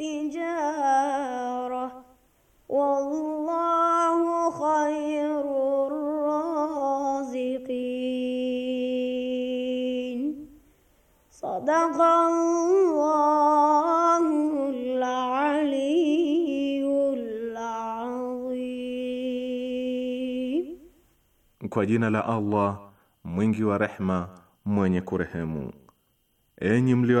التجارة والله خير الرازقين صدق الله العلي العظيم وكدين لا الله منجي ورحمة من يكرهم أين مليو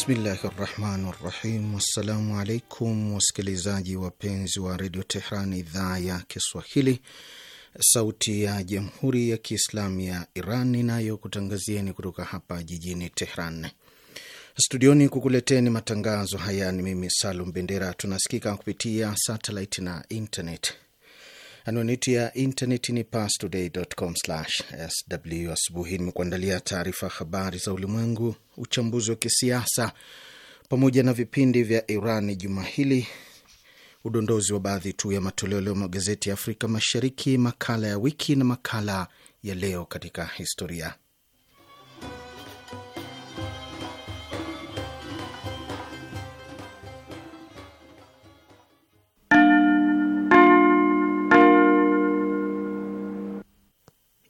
Bismillahi rahmani rahim. Wassalamu alaikum wasikilizaji wapenzi wa redio Tehran, idhaa ya Kiswahili, sauti ya jamhuri ya Kiislamu ya Iran inayokutangazieni kutoka hapa jijini Tehran studioni kukuleteni matangazo haya. Ni mimi Salum Bendera. Tunasikika kupitia satelit na internet. Anwani yetu ya intaneti ni parstoday.com/sw. Asubuhi nimekuandalia taarifa habari za ulimwengu, uchambuzi wa kisiasa, pamoja na vipindi vya Iran juma hili, udondozi wa baadhi tu ya matoleo leo magazeti ya Afrika Mashariki, makala ya wiki na makala ya leo katika historia.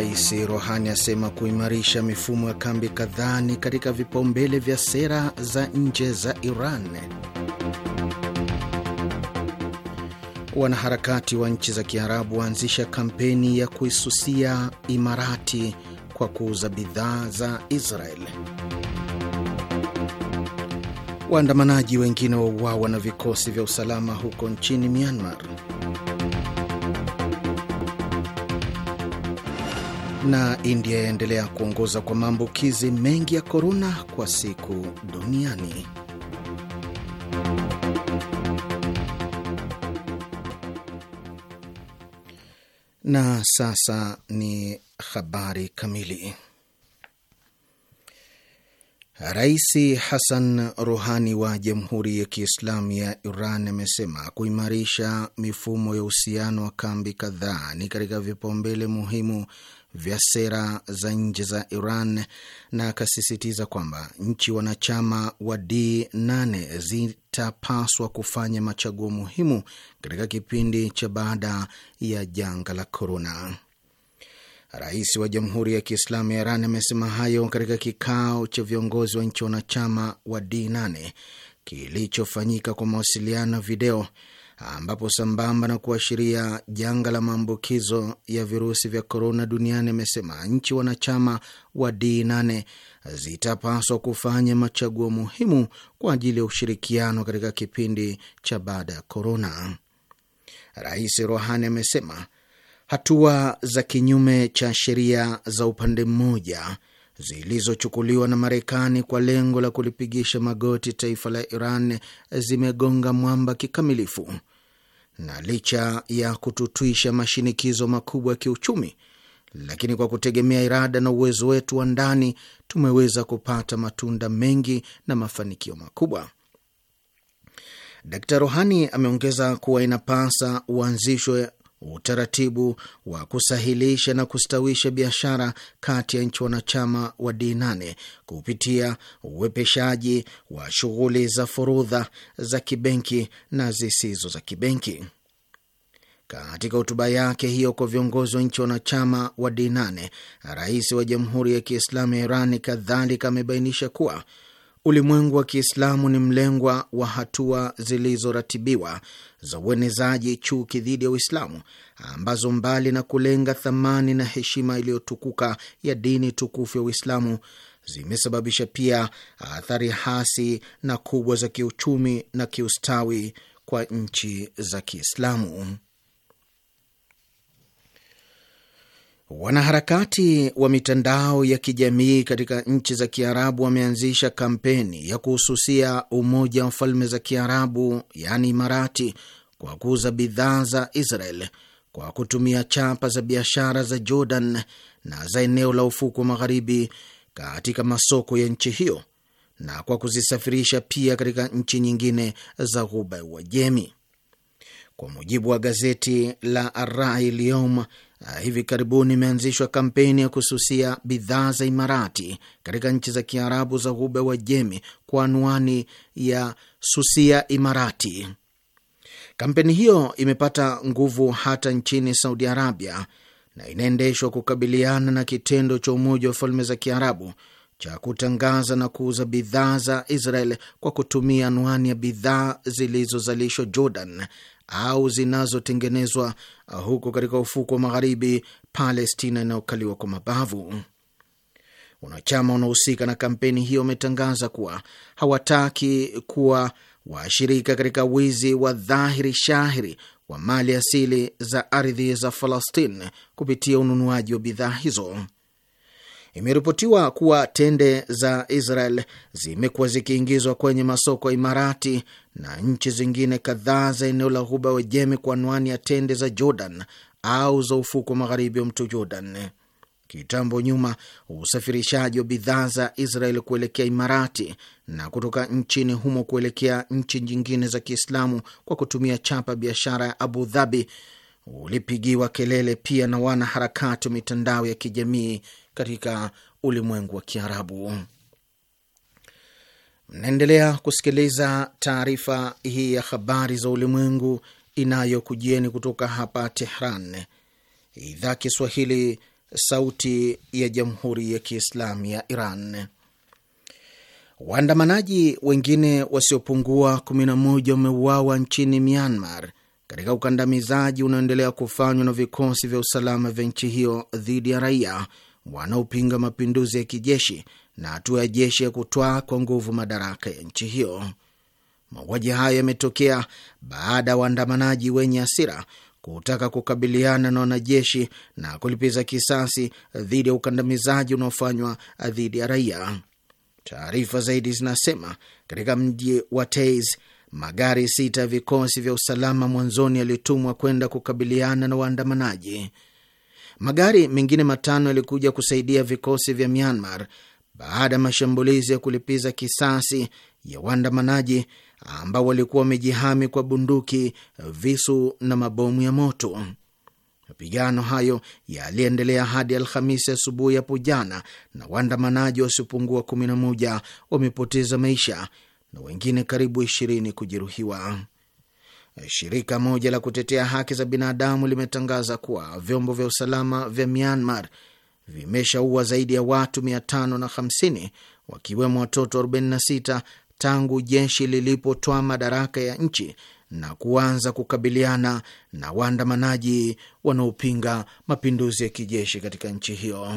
Rais Rohani asema kuimarisha mifumo ya kambi kadhaa ni katika vipaumbele vya sera za nje za Iran. Wanaharakati wa nchi za Kiarabu waanzisha kampeni ya kuisusia Imarati kwa kuuza bidhaa za Israel. Waandamanaji wengine wauawa na vikosi vya usalama huko nchini Myanmar. na India yaendelea kuongoza kwa maambukizi mengi ya korona kwa siku duniani. Na sasa ni habari kamili. Rais Hassan Rouhani wa Jamhuri ya Kiislamu ya Iran amesema kuimarisha mifumo ya uhusiano wa kambi kadhaa ni katika vipaumbele muhimu vya sera za nje za Iran na akasisitiza kwamba nchi wanachama wa D8 zitapaswa kufanya machaguo muhimu katika kipindi cha baada ya janga la korona. Rais wa Jamhuri ya Kiislamu ya Iran amesema hayo katika kikao cha viongozi wa nchi wanachama wa D8 kilichofanyika kwa mawasiliano video ambapo sambamba na kuashiria janga la maambukizo ya virusi vya korona duniani, amesema nchi wanachama wa D8 zitapaswa kufanya machaguo muhimu kwa ajili ya ushirikiano katika kipindi cha baada ya korona. Rais Rohani amesema hatua za kinyume cha sheria za upande mmoja zilizochukuliwa na Marekani kwa lengo la kulipigisha magoti taifa la Iran zimegonga mwamba kikamilifu na licha ya kututwisha mashinikizo makubwa ya kiuchumi, lakini kwa kutegemea irada na uwezo wetu wa ndani tumeweza kupata matunda mengi na mafanikio makubwa. Dkt. Rohani ameongeza kuwa inapasa uanzishwe utaratibu wa kusahilisha na kustawisha biashara kati ya nchi wanachama wa D8 kupitia uwepeshaji wa shughuli za furudha za kibenki na zisizo za kibenki. Katika hotuba yake hiyo kwa viongozi wa nchi wanachama wa D8, rais wa Jamhuri ya Kiislamu ya Irani kadhalika amebainisha kuwa Ulimwengu wa Kiislamu ni mlengwa wa hatua zilizoratibiwa za uenezaji chuki dhidi ya Uislamu ambazo mbali na kulenga thamani na heshima iliyotukuka ya dini tukufu ya Uislamu zimesababisha pia athari hasi na kubwa za kiuchumi na kiustawi kwa nchi za Kiislamu. Wanaharakati wa mitandao ya kijamii katika nchi za Kiarabu wameanzisha kampeni ya kuhususia Umoja wa Falme za Kiarabu, yaani Imarati, kwa kuuza bidhaa za Israel kwa kutumia chapa za biashara za Jordan na za eneo la ufuku wa magharibi katika masoko ya nchi hiyo na kwa kuzisafirisha pia katika nchi nyingine za Ghuba ya Uajemi. Kwa mujibu wa gazeti la Arai Lyom, ah, hivi karibuni imeanzishwa kampeni ya kususia bidhaa za Imarati katika nchi za Kiarabu za Ghuba Wajemi kwa anwani ya susia Imarati. Kampeni hiyo imepata nguvu hata nchini Saudi Arabia na inaendeshwa kukabiliana na kitendo cha Umoja wa Falme za Kiarabu cha kutangaza na kuuza bidhaa za Israel kwa kutumia anwani ya bidhaa zilizozalishwa Jordan, au zinazotengenezwa uh, huko katika ufuko wa magharibi Palestina inayokaliwa kwa mabavu. Wanachama wanaohusika na kampeni hiyo wametangaza kuwa hawataki kuwa washirika katika wizi wa dhahiri shahiri wa mali asili za ardhi za falastine kupitia ununuaji wa bidhaa hizo. Imeripotiwa kuwa tende za Israel zimekuwa zikiingizwa kwenye masoko ya Imarati na nchi zingine kadhaa za eneo la Ghuba Wajemi kwa anwani ya tende za Jordan au za ufuko magharibi wa mto Jordan. Kitambo nyuma, usafirishaji wa bidhaa za Israel kuelekea Imarati na kutoka nchini humo kuelekea nchi nyingine za Kiislamu kwa kutumia chapa biashara ya Abu Dhabi ulipigiwa kelele pia na wanaharakati wa mitandao ya kijamii katika ulimwengu wa Kiarabu. Mnaendelea kusikiliza taarifa hii ya habari za ulimwengu inayokujieni kutoka hapa Tehran, idhaa Kiswahili, sauti ya jamhuri ya kiislamu ya Iran. Waandamanaji wengine wasiopungua 11 wameuawa nchini Myanmar katika ukandamizaji unaoendelea kufanywa na vikosi vya usalama vya nchi hiyo dhidi ya raia wanaopinga mapinduzi ya kijeshi na hatua ya jeshi ya kutwaa kwa nguvu madaraka ya nchi hiyo. Mauaji hayo yametokea baada ya waandamanaji wenye hasira kutaka kukabiliana na wanajeshi na kulipiza kisasi dhidi ya ukandamizaji unaofanywa dhidi ya raia. Taarifa zaidi zinasema katika mji wa Taiz magari sita ya vikosi vya usalama mwanzoni yalitumwa kwenda kukabiliana na waandamanaji. Magari mengine matano yalikuja kusaidia vikosi vya Myanmar baada ya mashambulizi ya kulipiza kisasi ya waandamanaji ambao walikuwa wamejihami kwa bunduki, visu na mabomu ya moto. Mapigano hayo yaliendelea hadi Alhamisi asubuhi hapo jana, na waandamanaji wasiopungua 11 wamepoteza maisha na wengine karibu 20 kujeruhiwa. Shirika moja la kutetea haki za binadamu limetangaza kuwa vyombo vya usalama vya Myanmar vimeshaua zaidi ya watu 550 wakiwemo watoto 46 tangu jeshi lilipotwa madaraka ya nchi na kuanza kukabiliana na waandamanaji wanaopinga mapinduzi ya kijeshi katika nchi hiyo.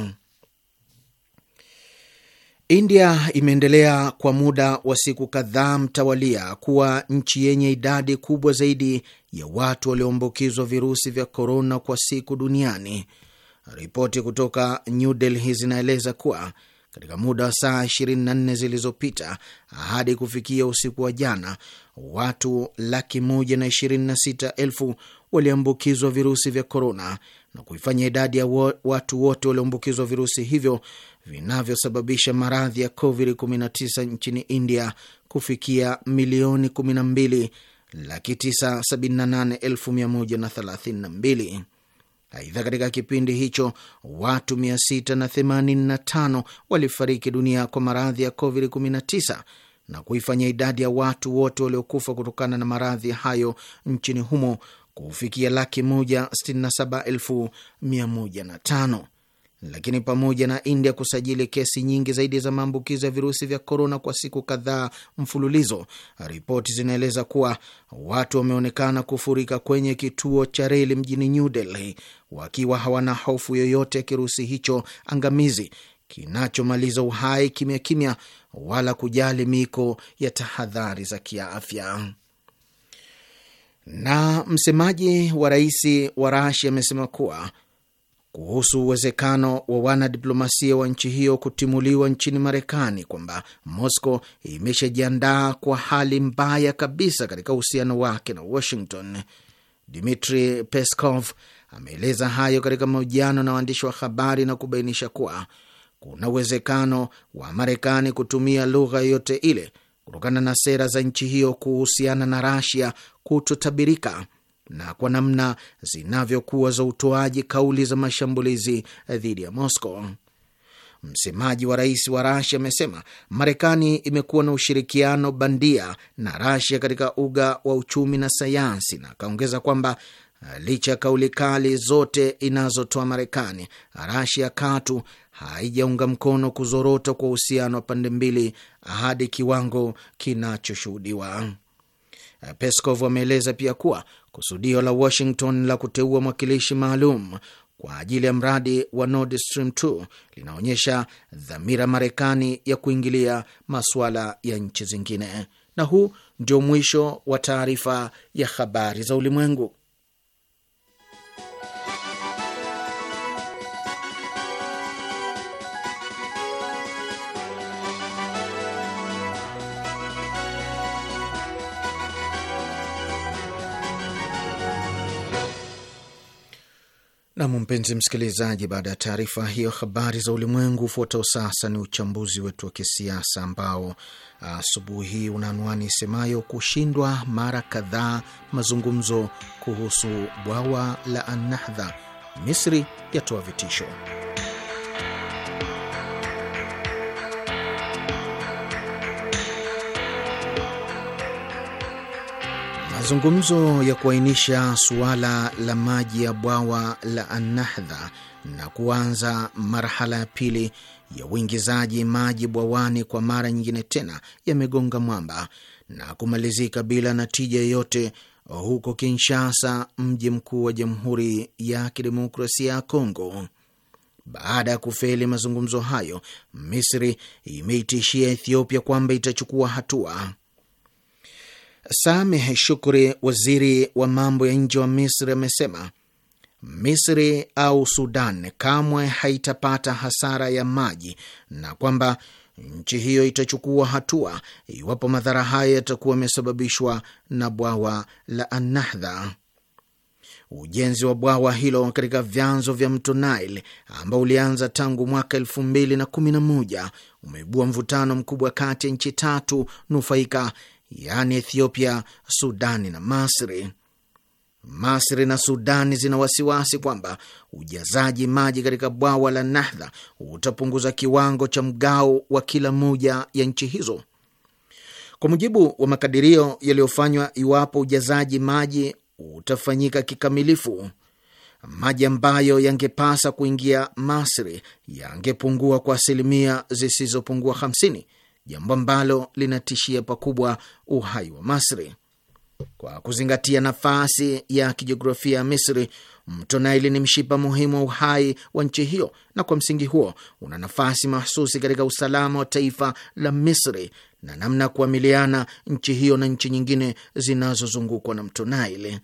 India imeendelea kwa muda wa siku kadhaa mtawalia kuwa nchi yenye idadi kubwa zaidi ya watu walioambukizwa virusi vya korona kwa siku duniani. Ripoti kutoka New Delhi zinaeleza kuwa katika muda wa saa 24 zilizopita hadi kufikia usiku wa jana, watu laki moja na elfu waliambukizwa virusi vya korona na kuifanya idadi ya watu wote walioambukizwa virusi hivyo vinavyosababisha maradhi ya COVID-19 nchini India kufikia milioni 12 laki 978,132. Aidha, katika kipindi hicho watu 685 walifariki dunia kwa maradhi ya COVID-19 na kuifanya idadi ya watu wote waliokufa kutokana na maradhi hayo nchini humo kufikia laki moja elfu lakini pamoja na India kusajili kesi nyingi zaidi za maambukizi ya virusi vya korona kwa siku kadhaa mfululizo, ripoti zinaeleza kuwa watu wameonekana kufurika kwenye kituo cha reli mjini New Delhi wakiwa hawana hofu yoyote ya kirusi hicho angamizi kinachomaliza uhai kimya kimya, wala kujali miko ya tahadhari za kiafya. Na msemaji wa rais wa Rasia amesema kuwa kuhusu uwezekano wa wanadiplomasia wa nchi hiyo kutimuliwa nchini Marekani kwamba Moscow imeshajiandaa kwa hali mbaya kabisa katika uhusiano wake na Washington. Dmitri Peskov ameeleza hayo katika mahojiano na waandishi wa habari na kubainisha kuwa kuna uwezekano wa Marekani kutumia lugha yoyote ile kutokana na sera za nchi hiyo kuhusiana na Rasia kutotabirika na kwa namna zinavyokuwa za utoaji kauli za mashambulizi dhidi ya Moscow. Msemaji wa rais wa Rasia amesema Marekani imekuwa na ushirikiano bandia na Rasia katika uga wa uchumi na sayansi, na akaongeza kwamba eh, licha ya kauli kali zote inazotoa Marekani, Rasia katu haijaunga mkono kuzorota kwa uhusiano wa pande mbili hadi kiwango kinachoshuhudiwa. Eh, Peskov ameeleza pia kuwa Kusudio la Washington la kuteua mwakilishi maalum kwa ajili ya mradi wa Nord Stream 2 linaonyesha dhamira Marekani ya kuingilia masuala ya nchi zingine. Na huu ndio mwisho wa taarifa ya habari za ulimwengu. Nam, mpenzi msikilizaji, baada ya taarifa hiyo habari za ulimwengu, ufuatao sasa ni uchambuzi wetu wa kisiasa ambao asubuhi hii una anwani isemayo kushindwa mara kadhaa mazungumzo kuhusu bwawa la Annahdha, Misri yatoa vitisho. Mazungumzo ya kuainisha suala la maji ya bwawa la anahdha na kuanza marhala ya pili ya uingizaji maji bwawani kwa mara nyingine tena yamegonga mwamba na kumalizika bila natija yoyote huko Kinshasa, mji mkuu wa Jamhuri ya Kidemokrasia ya Kongo. Baada ya kufeli mazungumzo hayo, Misri imeitishia Ethiopia kwamba itachukua hatua. Sameh Shukri, waziri wa mambo ya nje wa Misri, amesema Misri au Sudan kamwe haitapata hasara ya maji na kwamba nchi hiyo itachukua hatua iwapo madhara haya yatakuwa yamesababishwa na bwawa la anahdha Ujenzi wa bwawa hilo katika vyanzo vya mto Nile ambao ulianza tangu mwaka elfu mbili na kumi na moja umeibua mvutano mkubwa kati ya nchi tatu nufaika yaani Ethiopia, Sudani na Masri. Masri na Sudani zina wasiwasi kwamba ujazaji maji katika bwawa la Nahdha utapunguza kiwango cha mgao wa kila moja ya nchi hizo. Kwa mujibu wa makadirio yaliyofanywa, iwapo ujazaji maji utafanyika kikamilifu, maji ambayo yangepasa kuingia Masri yangepungua kwa asilimia zisizopungua 50 jambo ambalo linatishia pakubwa uhai wa Masri. Kwa kuzingatia nafasi ya kijiografia ya Misri, mto Naili ni mshipa muhimu wa uhai wa nchi hiyo, na kwa msingi huo una nafasi mahsusi katika usalama wa taifa la Misri na namna ya kuamiliana nchi hiyo na nchi nyingine zinazozungukwa na mto Naili.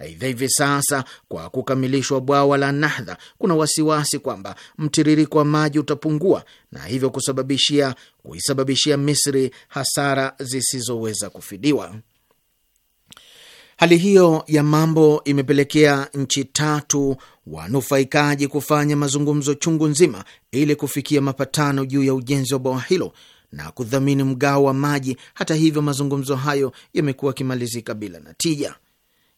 Aidha, hivi sasa kwa kukamilishwa bwawa la Nahdha, kuna wasiwasi kwamba mtiririko wa maji utapungua na hivyo kusababishia kuisababishia Misri hasara zisizoweza kufidiwa. Hali hiyo ya mambo imepelekea nchi tatu wanufaikaji kufanya mazungumzo chungu nzima ili kufikia mapatano juu ya ujenzi wa bwawa hilo na kudhamini mgao wa maji. Hata hivyo, mazungumzo hayo yamekuwa yakimalizika bila natija.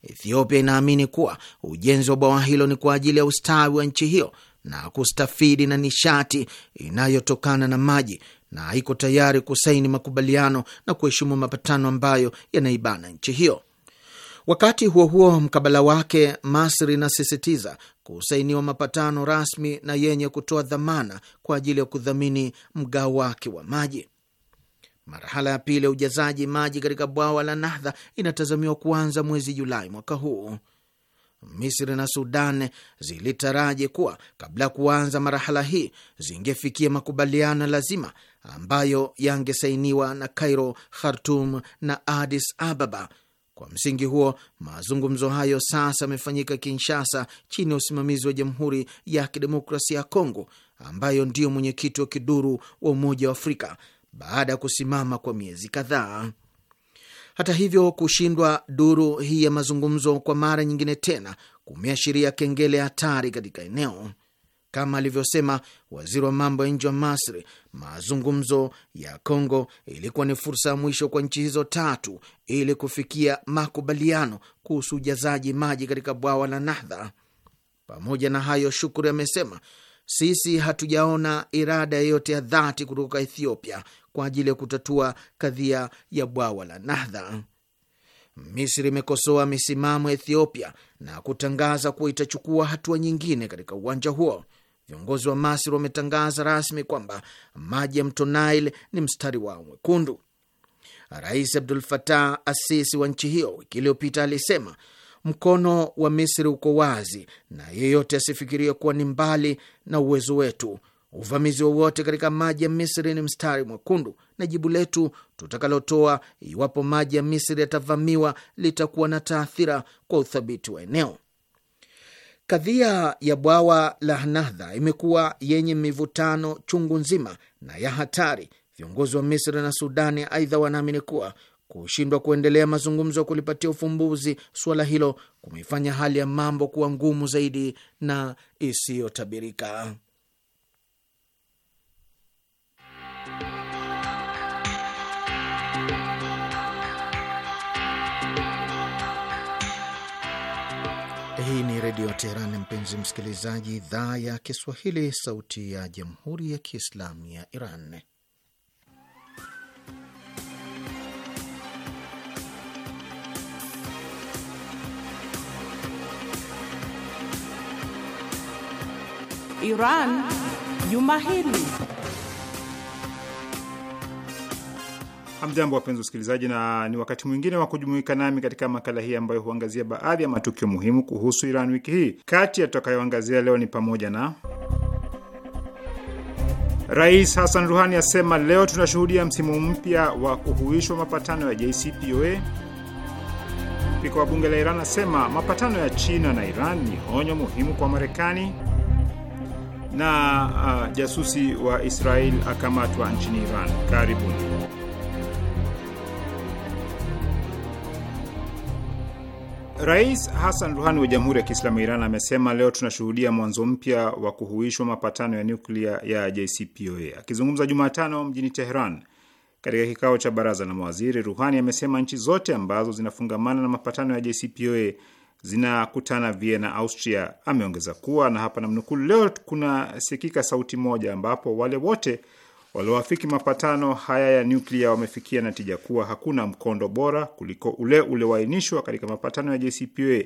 Ethiopia inaamini kuwa ujenzi wa bwawa hilo ni kwa ajili ya ustawi wa nchi hiyo na kustafidi na nishati inayotokana na maji na iko tayari kusaini makubaliano na kuheshimu mapatano ambayo yanaibana nchi hiyo. Wakati huo huo, mkabala wake, Masri inasisitiza kusainiwa mapatano rasmi na yenye kutoa dhamana kwa ajili ya kudhamini mgao wake wa maji. Marhala ya pili ya ujazaji maji katika bwawa la Nahdha inatazamiwa kuanza mwezi Julai mwaka huu. Misri na Sudan zilitaraji kuwa kabla ya kuanza marahala hii zingefikia makubaliano lazima ambayo yangesainiwa na Cairo, Khartum na Addis Ababa. Kwa msingi huo, mazungumzo hayo sasa yamefanyika Kinshasa chini ya usimamizi wa Jamhuri ya Kidemokrasia ya Kongo ambayo ndiyo mwenyekiti wa kiduru wa Umoja wa Afrika baada ya kusimama kwa miezi kadhaa. Hata hivyo, kushindwa duru hii ya mazungumzo kwa mara nyingine tena kumeashiria kengele hatari katika eneo. Kama alivyosema waziri wa mambo ya nje wa Masri, mazungumzo ya Kongo ilikuwa ni fursa ya mwisho kwa nchi hizo tatu ili kufikia makubaliano kuhusu ujazaji maji katika bwawa la Nahdha. Pamoja na hayo, Shukuri amesema sisi hatujaona irada yeyote ya dhati kutoka Ethiopia kwa ajili ya kutatua kadhia ya bwawa la Nahdha. Misri imekosoa misimamo ya Ethiopia na kutangaza kuwa itachukua hatua nyingine katika uwanja huo. Viongozi wa Masri wametangaza rasmi kwamba maji ya mto Nile ni mstari wao mwekundu. Rais Abdul Fatah Asisi wa nchi hiyo wiki iliyopita alisema mkono wa Misri uko wazi na yeyote asifikirie kuwa ni mbali na uwezo wetu. Uvamizi wowote katika maji ya Misri ni mstari mwekundu, na jibu letu tutakalotoa iwapo maji ya Misri yatavamiwa litakuwa na taathira kwa uthabiti wa eneo. Kadhia ya bwawa la Nahdha imekuwa yenye mivutano chungu nzima na ya hatari. Viongozi wa Misri na Sudani aidha wanaamini kuwa Kushindwa kuendelea mazungumzo ya kulipatia ufumbuzi suala hilo kumeifanya hali ya mambo kuwa ngumu zaidi na isiyotabirika. Hii ni Redio Teheran, mpenzi msikilizaji, idhaa ya Kiswahili, sauti ya Jamhuri ya Kiislamu ya Iran. Iran juma hili. Hamjambo, wapenzi wasikilizaji, na ni wakati mwingine wa kujumuika nami katika makala hii ambayo huangazia baadhi ya matukio muhimu kuhusu Iran wiki hii. Kati ya tutakayoangazia leo ni pamoja na Rais Hassan Ruhani asema leo tunashuhudia msimu mpya wa kuhuishwa mapatano ya JCPOA. Spika wa bunge la Iran asema mapatano ya China na Iran ni onyo muhimu kwa Marekani na uh, jasusi wa Israel akamatwa nchini Iran. Karibuni. Rais Hassan Ruhani wa Jamhuri ya Kiislamu ya Iran amesema leo tunashuhudia mwanzo mpya wa kuhuishwa mapatano ya nuklia ya JCPOA. Akizungumza Jumatano mjini Teheran katika kikao cha baraza la mawaziri, Ruhani amesema nchi zote ambazo zinafungamana na mapatano ya JCPOA zinakutana Vienna, Austria. Ameongeza kuwa na hapa namnukuu, leo kunasikika sauti moja ambapo wale wote walioafiki mapatano haya ya nyuklia wamefikia natija kuwa hakuna mkondo bora kuliko ule ulioainishwa katika mapatano ya JCPOA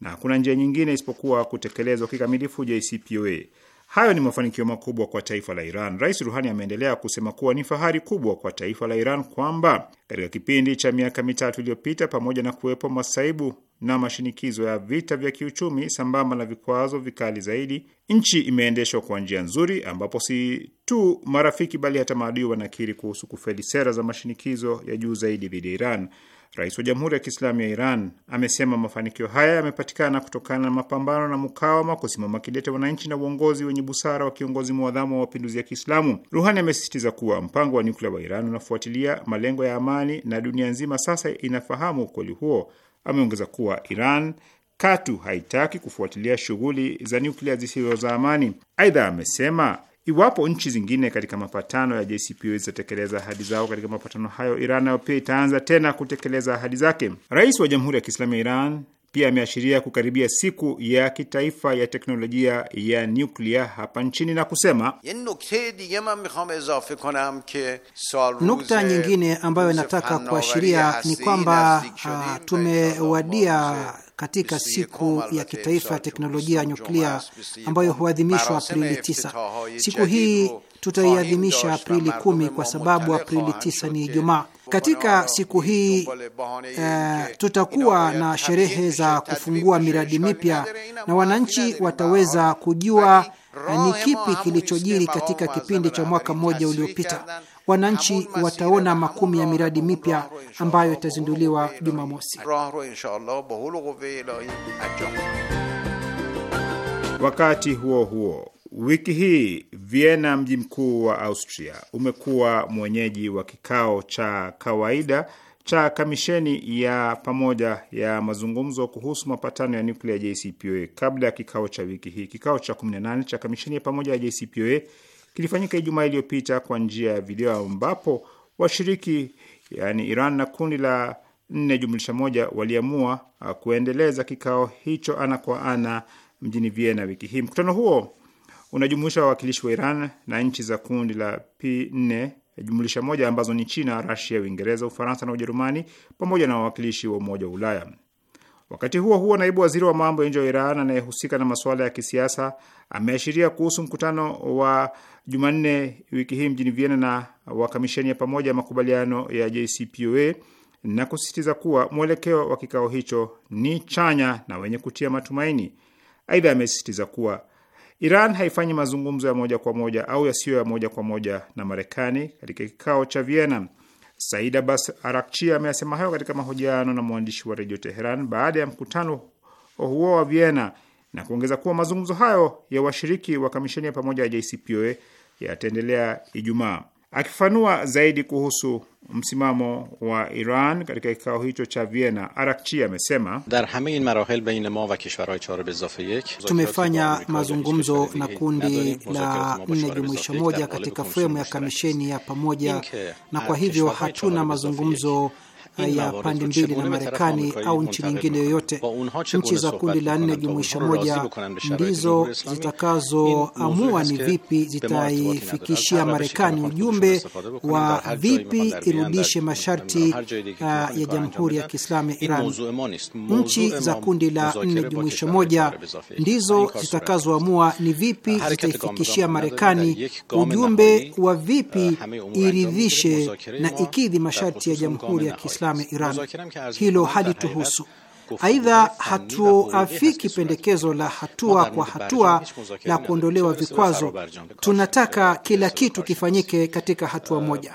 na hakuna njia nyingine isipokuwa kutekelezwa kikamilifu JCPOA. Hayo ni mafanikio makubwa kwa taifa la Iran. Rais Ruhani ameendelea kusema kuwa ni fahari kubwa kwa taifa la Iran kwamba katika kipindi cha miaka mitatu iliyopita, pamoja na kuwepo masaibu na mashinikizo ya vita vya kiuchumi sambamba na vikwazo vikali zaidi, nchi imeendeshwa kwa njia nzuri, ambapo si tu marafiki bali hata maadui wanakiri kuhusu kufeli sera za mashinikizo ya juu zaidi dhidi ya Iran. Rais wa Jamhuri ya Kiislamu ya Iran amesema mafanikio haya yamepatikana kutokana na mapambano na mukawama, kusimama kidete wananchi na uongozi wenye busara wa kiongozi mwadhamu wa mapinduzi ya Kiislamu. Ruhani amesisitiza kuwa mpango wa nyuklia wa Iran unafuatilia malengo ya amani na dunia nzima sasa inafahamu ukweli huo. Ameongeza kuwa Iran katu haitaki kufuatilia shughuli za nyuklia zisizo za amani. Aidha amesema Iwapo nchi zingine katika mapatano ya JCPOA zitatekeleza ahadi zao katika mapatano hayo, Iran nayo pia itaanza tena kutekeleza ahadi zake. Rais wa Jamhuri ya Kiislamu ya Iran pia ameashiria kukaribia siku ya kitaifa ya teknolojia ya nyuklia hapa nchini na kusema, nukta nyingine ambayo nataka kuashiria ni kwamba ah, tumewadia katika siku ya kitaifa ya teknolojia ya nyuklia ambayo huadhimishwa Aprili 9. Siku hii tutaiadhimisha Aprili 10 kwa sababu Aprili 9 ni Ijumaa. Katika siku hii eh, tutakuwa na sherehe za kufungua miradi mipya na wananchi wataweza kujua ni kipi kilichojiri katika kipindi cha mwaka mmoja uliopita wananchi wataona makumi ya miradi mipya ambayo itazinduliwa Jumamosi. Wakati huo huo, wiki hii Vienna, mji mkuu wa Austria, umekuwa mwenyeji wa kikao cha kawaida cha kamisheni ya pamoja ya mazungumzo kuhusu mapatano ya nuklia JCPOA. Kabla ya kikao cha wiki hii, kikao cha 18 cha kamisheni ya pamoja ya JCPOA kilifanyika Ijumaa iliyopita kwa njia ya video ambapo washiriki yani Iran na kundi la nne jumlisha moja waliamua uh, kuendeleza kikao hicho ana kwa ana mjini Vienna wiki hii. Mkutano huo unajumuisha wawakilishi wa Iran na nchi za kundi la P4 jumlisha moja ambazo ni China, Rasia, Uingereza, Ufaransa na Ujerumani pamoja na wawakilishi wa Umoja wa Ulaya. Wakati huo huo, naibu waziri wa mambo ya nje wa Iran anayehusika na masuala ya kisiasa ameashiria kuhusu mkutano wa Jumanne wiki hii mjini Vienna na wa kamisheni ya pamoja ya makubaliano ya JCPOA na kusisitiza kuwa mwelekeo wa kikao hicho ni chanya na wenye kutia matumaini. Aidha, amesisitiza kuwa Iran haifanyi mazungumzo ya moja kwa moja au yasiyo ya moja kwa moja na Marekani katika kikao cha Vienna. Said Abbas Arakchi ameyasema hayo katika mahojiano na mwandishi wa redio Teheran baada ya mkutano huo wa Vienna na kuongeza kuwa mazungumzo hayo ya washiriki wa kamisheni ya pamoja ya JCPOA yataendelea Ijumaa. Akifanua zaidi kuhusu msimamo wa Iran katika kikao hicho cha Vienna, Arakchi amesema tumefanya mazungumzo na kundi la nne jumuisho moja katika fremu ya kamisheni ya pamoja, na kwa hivyo hatuna mazungumzo ya pande mbili na Marekani au nchi nyingine yoyote. Nchi za kundi uh, la nne jumuisha moja ndizo zitakazoamua ni vipi zitaifikishia Marekani ujumbe wa vipi irudishe masharti ya Jamhuri ya Kiislamu ya Iran. Nchi za kundi la nne jumuisha moja ndizo zitakazoamua ni vipi zitaifikishia Marekani ujumbe wa vipi uh, iridhishe na ikidhi masharti ya Jamhuri ya Kiislamu Kiislamu ya Iran. Hilo halituhusu. Aidha, hatuafiki pendekezo la hatua kwa hatua la kuondolewa vikwazo. Tunataka kila kitu kifanyike katika hatua uh, moja.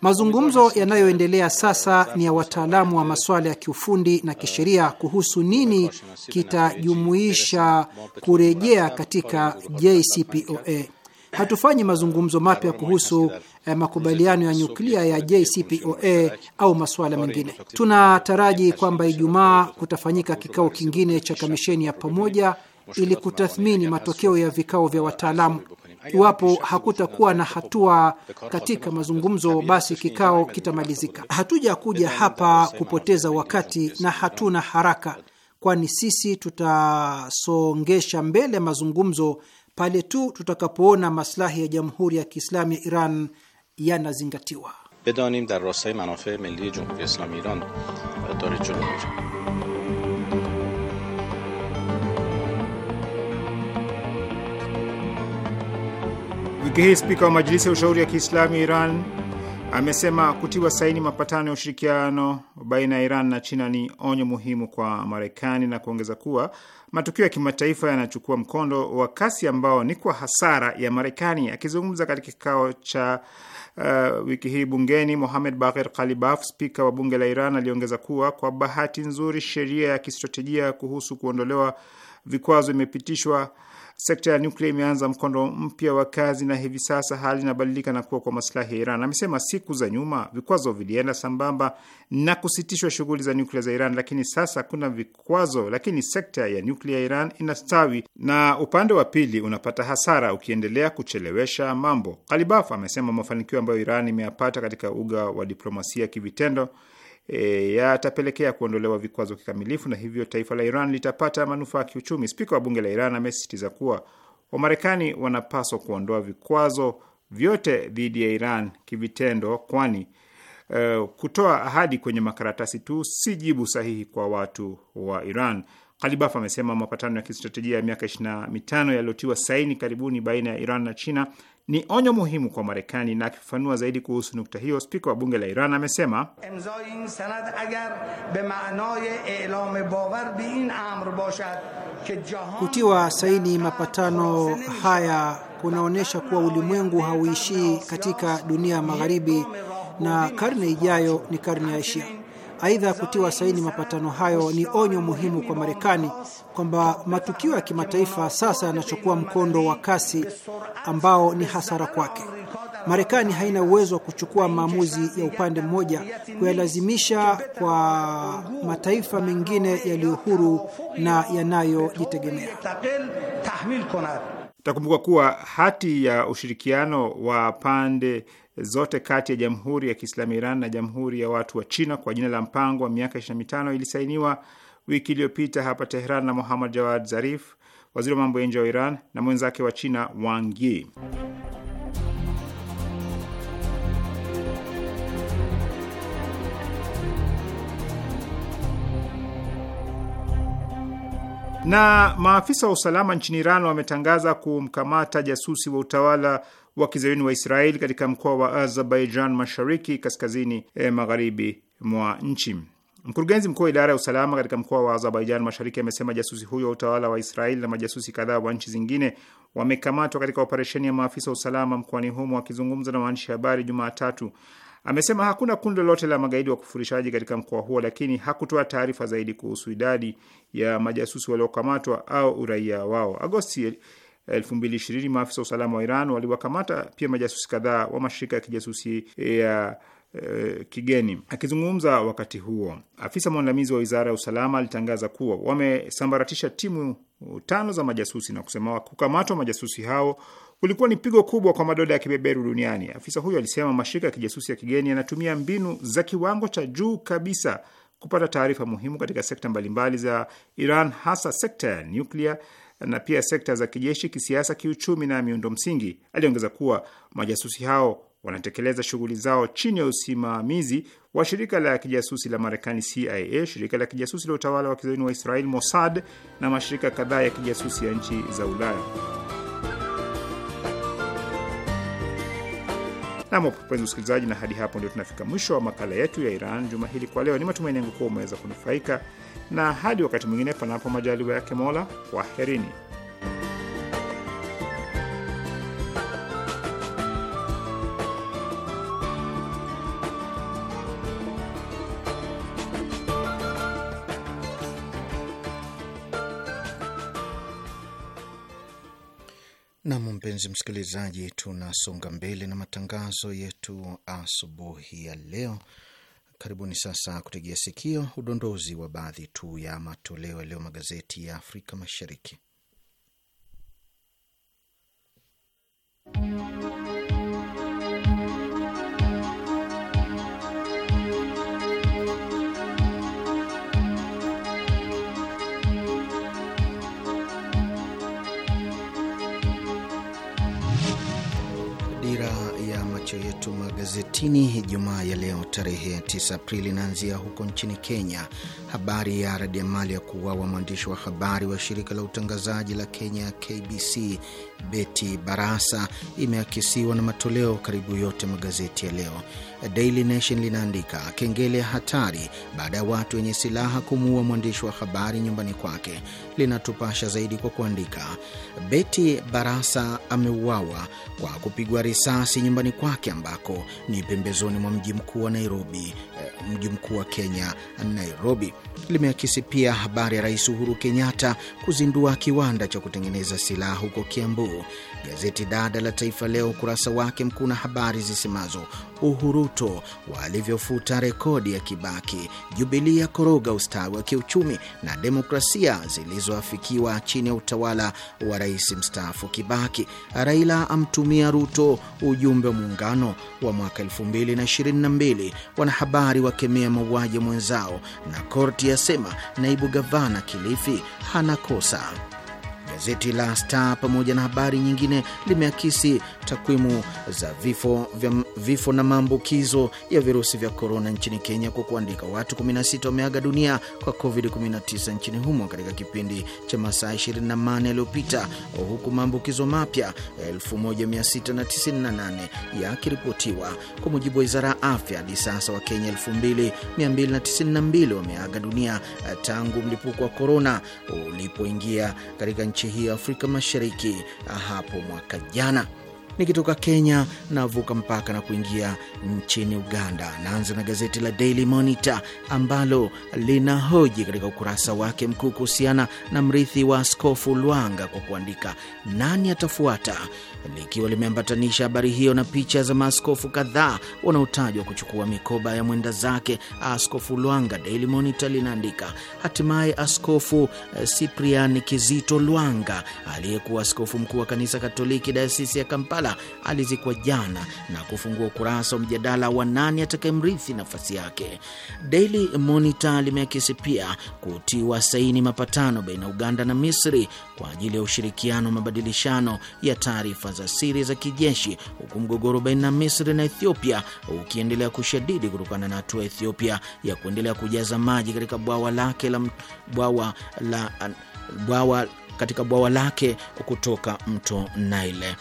Mazungumzo yanayoendelea sasa ni ya wataalamu wa masuala ya kiufundi na uh, kisheria kuhusu nini kitajumuisha kurejea katika JCPOA. Hatufanyi mazungumzo mapya kuhusu Eh, makubaliano ya nyuklia ya JCPOA au masuala mengine. Tunataraji kwamba Ijumaa kutafanyika kikao kingine cha kamisheni ya pamoja ili kutathmini matokeo ya vikao vya wataalamu. Iwapo hakutakuwa na hatua katika mazungumzo, basi kikao kitamalizika. Hatuja kuja hapa kupoteza wakati na hatuna haraka, kwani sisi tutasongesha mbele mazungumzo pale tu tutakapoona maslahi ya Jamhuri ya Kiislamu ya Iran yanazingatiwa. bedanim dar manafe milli jumhuri islami iran dare Wiki hii spika wa Majilisi ya Ushauri ya Kiislamu Iran amesema kutiwa saini mapatano ya ushirikiano baina ya Iran na China ni onyo muhimu kwa Marekani na kuongeza kuwa matukio ya kimataifa yanachukua mkondo wa kasi ambao ni kwa hasara ya Marekani. Akizungumza katika kikao cha uh, wiki hii bungeni, Mohamed Bagher Kalibaf, spika wa bunge la Iran, aliongeza kuwa kwa bahati nzuri sheria ya kistratejia kuhusu kuondolewa vikwazo imepitishwa sekta ya nyuklia imeanza mkondo mpya wa kazi na hivi sasa hali inabadilika na kuwa kwa masilahi ya Iran. Amesema siku za nyuma vikwazo vilienda sambamba na kusitishwa shughuli za nyuklia za Iran, lakini sasa kuna vikwazo, lakini sekta ya nyuklia ya Iran inastawi na upande wa pili unapata hasara ukiendelea kuchelewesha mambo. Kalibaf amesema mafanikio ambayo Iran imeyapata katika uga wa diplomasia kivitendo e, yatapelekea kuondolewa vikwazo kikamilifu na hivyo taifa la Iran litapata manufaa ya kiuchumi. Spika wa bunge la Iran amesisitiza kuwa Wamarekani wanapaswa kuondoa vikwazo vyote dhidi ya Iran kivitendo, kwani e, kutoa ahadi kwenye makaratasi tu si jibu sahihi kwa watu wa Iran. Kalibaf amesema mapatano ya kistratejia ya miaka 25 yaliyotiwa saini karibuni baina ya Iran na China ni onyo muhimu kwa Marekani. Na akifafanua zaidi kuhusu nukta hiyo, spika wa bunge la Iran amesema kutiwa saini mapatano haya kunaonyesha kuwa ulimwengu hauishii katika dunia ya magharibi na karne ijayo ni karne ya Asia. Aidha, kutiwa saini mapatano hayo ni onyo muhimu kwa Marekani kwamba matukio ya kimataifa sasa yanachukua mkondo wa kasi ambao ni hasara kwake. Marekani haina uwezo wa kuchukua maamuzi ya upande mmoja kuyalazimisha kwa mataifa mengine yaliyo huru na yanayojitegemea. Takumbuka kuwa hati ya ushirikiano wa pande zote kati ya Jamhuri ya Kiislamu Iran na Jamhuri ya Watu wa China kwa jina la mpango wa miaka 25 ilisainiwa wiki iliyopita hapa Teheran na Muhammad Jawad Zarif, waziri wa mambo ya nje wa Iran, na mwenzake wa China Wang Yi. Na maafisa wa usalama nchini Iran wametangaza kumkamata jasusi wa utawala wa kizayuni wa Israeli katika mkoa wa Azerbaijan Mashariki, kaskazini e magharibi mwa nchi. Mkurugenzi mkuu wa idara ya usalama katika mkoa wa Azerbaijan Mashariki amesema jasusi huyo wa utawala wa Israeli na majasusi kadhaa wa nchi zingine wamekamatwa katika operesheni ya maafisa wa usalama mkoani humo. Akizungumza na waandishi habari Jumatatu, amesema hakuna kundi lolote la magaidi wa kufurishaji katika mkoa huo, lakini hakutoa taarifa zaidi kuhusu idadi ya majasusi waliokamatwa au uraia wao. Agosti 2020 maafisa wa usalama wa Iran waliwakamata pia majasusi kadhaa wa mashirika ya kijasusi ya Eh, kigeni. Akizungumza wakati huo, afisa mwandamizi wa wizara ya usalama alitangaza kuwa wamesambaratisha timu tano za majasusi na kusema kukamatwa majasusi hao kulikuwa ni pigo kubwa kwa madola ya kibeberu duniani. Afisa huyo alisema mashirika ya kijasusi ya kigeni yanatumia mbinu za kiwango cha juu kabisa kupata taarifa muhimu katika sekta mbalimbali za Iran, hasa sekta ya nyuklia na pia sekta za kijeshi, kisiasa, kiuchumi na miundo msingi. Aliongeza kuwa majasusi hao wanatekeleza shughuli zao chini ya usimamizi wa shirika la kijasusi la Marekani CIA, shirika la kijasusi la utawala wa kizayuni wa Israel Mossad na mashirika kadhaa ya kijasusi ya nchi za Ulaya. Nam, wapenzi usikilizaji, na hadi hapo ndio tunafika mwisho wa makala yetu ya Iran juma hili kwa leo. Ni matumaini yangu kuwa umeweza kunufaika, na hadi wakati mwingine, panapo majaliwa yake Mola, kwaherini. Nam, mpenzi msikilizaji, tunasonga mbele na matangazo yetu asubuhi ya leo. Karibuni sasa kutegea sikio udondozi wa baadhi tu ya matoleo ya leo magazeti ya Afrika Mashariki. macho yetu magazetini Ijumaa ya leo tarehe 9 Aprili inaanzia huko nchini Kenya. Habari ya radiamali ya kuuawa mwandishi wa habari wa shirika la utangazaji la Kenya KBC Beti Barasa imeakisiwa na matoleo karibu yote magazeti ya leo. Daily Nation linaandika kengele ya hatari baada ya watu wenye silaha kumuua mwandishi wa habari nyumbani kwake. Linatupasha zaidi kwa kuandika Beti Barasa ameuawa kwa kupigwa risasi nyumbani kwake wake ambako ni pembezoni mwa mji mkuu wa Nairobi, eh, mji mkuu wa Kenya, Nairobi. Limeakisi pia habari ya Rais Uhuru Kenyatta kuzindua kiwanda cha kutengeneza silaha huko Kiambu Gazeti dada la Taifa Leo ukurasa wake mkuu na habari zisemazo: Uhuruto walivyofuta rekodi ya Kibaki, Jubilii ya koroga ustawi wa kiuchumi, na demokrasia zilizoafikiwa chini ya utawala wa rais mstaafu Kibaki. Raila amtumia Ruto ujumbe wa muungano wa mwaka 2022. Wanahabari wakemea mauaji mwenzao, na korti yasema naibu gavana Kilifi hana kosa. Gazeti la Star pamoja na habari nyingine limeakisi takwimu za vifo, vya, vifo na maambukizo ya virusi vya korona nchini Kenya kwa kuandika watu 16 wameaga dunia kwa COVID-19 nchini humo katika kipindi cha masaa 24 yaliyopita, huku maambukizo mapya 1698 yakiripotiwa. Kwa mujibu wa wizara ya afya, hadi sasa Wakenya 2292 wameaga dunia tangu mlipuko wa korona ulipoingia katika nchi hiyo Afrika Mashariki ah, hapo mwaka jana. Nikitoka Kenya navuka mpaka na kuingia nchini Uganda. Naanza na gazeti la Daily Monitor ambalo linahoji katika ukurasa wake mkuu kuhusiana na mrithi wa askofu Lwanga kwa kuandika nani atafuata, likiwa limeambatanisha habari hiyo na picha za maaskofu kadhaa wanaotajwa kuchukua mikoba ya mwenda zake askofu Lwanga. Daily Monitor linaandika hatimaye askofu eh, Cyprian Kizito Lwanga aliyekuwa askofu mkuu wa kanisa Katoliki dayosisi ya Kampala Abdalla alizikwa jana na kufungua ukurasa wa mjadala wa nani atakayemrithi nafasi yake. Daily Monitor limeakisi pia kutiwa saini mapatano baina ya Uganda na Misri kwa ajili ya ushirikiano wa mabadilishano ya taarifa za siri za kijeshi, huku mgogoro baina ya Misri na Ethiopia ukiendelea kushadidi kutokana na hatua ya Ethiopia ya kuendelea kujaza maji katika bwawa lake la bwawa la bwawa katika bwawa lake kutoka mto Nile.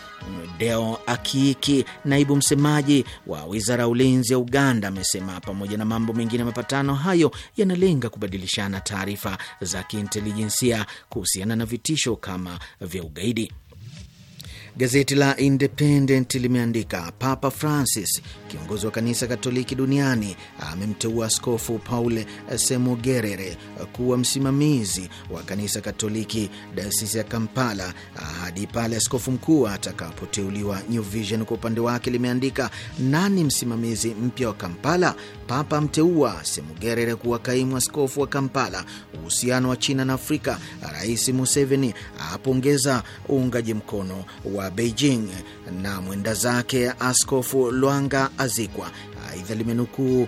Deo Akiiki, naibu msemaji wa wizara ya ulinzi ya Uganda, amesema pamoja na mambo mengine, mapatano hayo yanalenga kubadilishana taarifa za kiintelijensia kuhusiana na vitisho kama vya ugaidi. Gazeti la Independent limeandika Papa Francis, kiongozi wa kanisa Katoliki duniani, amemteua Askofu Paul semogerere kuwa msimamizi wa kanisa Katoliki dayosisi ya Kampala hadi pale askofu mkuu atakapoteuliwa. New Vision kwa upande wake limeandika nani msimamizi mpya wa Kampala Papa amteua Semugerere kuwa kaimu askofu wa Kampala. Uhusiano wa China na Afrika, Rais Museveni apongeza uungaji mkono wa Beijing na mwenda zake Askofu Lwanga azikwa. Aidha, limenukuu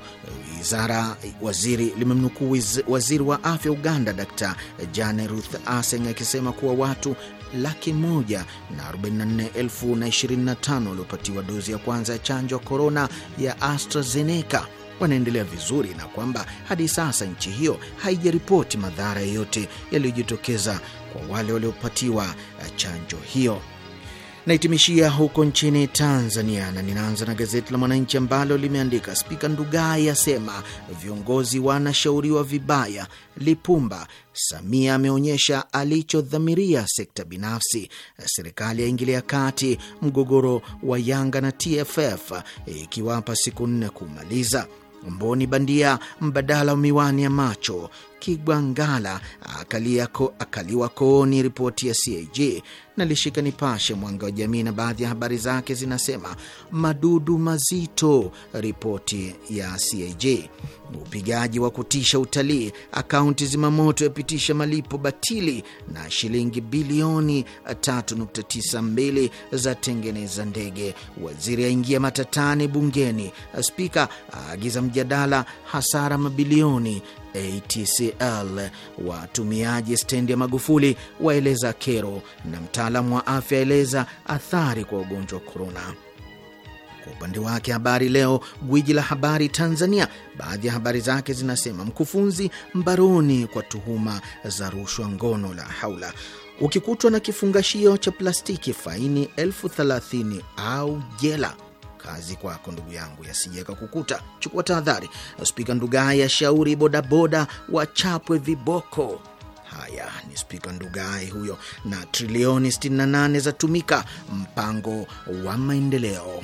wizara waziri limemnukuu waziri wa afya Uganda Dkt Jane Ruth Aseng akisema kuwa watu laki moja na 44,025 waliopatiwa dozi ya kwanza ya chanjo ya korona ya AstraZeneca wanaendelea vizuri na kwamba hadi sasa nchi hiyo haijaripoti madhara yoyote yaliyojitokeza kwa wale waliopatiwa eh, chanjo hiyo. Naitimishia huko nchini Tanzania na ninaanza na gazeti la Mwananchi ambalo limeandika Spika Ndugai asema viongozi wanashauriwa vibaya. Lipumba, Samia ameonyesha alichodhamiria sekta binafsi. Serikali yaingilia kati mgogoro wa Yanga na TFF eh, ikiwapa siku nne kumaliza umboni bandia mbadala wa miwani ya macho Kigwangala akaliwako akaliwa kooni. Ripoti ya CAG nalishika Nipashe, Mwanga wa Jamii na baadhi ya habari zake zinasema: madudu mazito, ripoti ya CAG; upigaji wa kutisha utalii, akaunti zimamoto yapitisha malipo batili, na shilingi bilioni 3.92 za tengeneza ndege; waziri aingia matatani bungeni; spika aagiza mjadala hasara mabilioni ATCL, watumiaji stendi ya Magufuli waeleza kero, na mtaalamu wa afya aeleza athari kwa ugonjwa wa korona. Kwa upande wake Habari Leo, gwiji la habari Tanzania, baadhi ya habari zake zinasema: mkufunzi mbaroni kwa tuhuma za rushwa, ngono, la haula. Ukikutwa na kifungashio cha plastiki faini elfu thelathini au jela kazi kwako ndugu yangu yasijeka kukuta Chukua tahadhari. Spika Ndugai ashauri bodaboda wachapwe viboko. Haya ni Spika Ndugai huyo. Na trilioni 68 zatumika mpango wa maendeleo.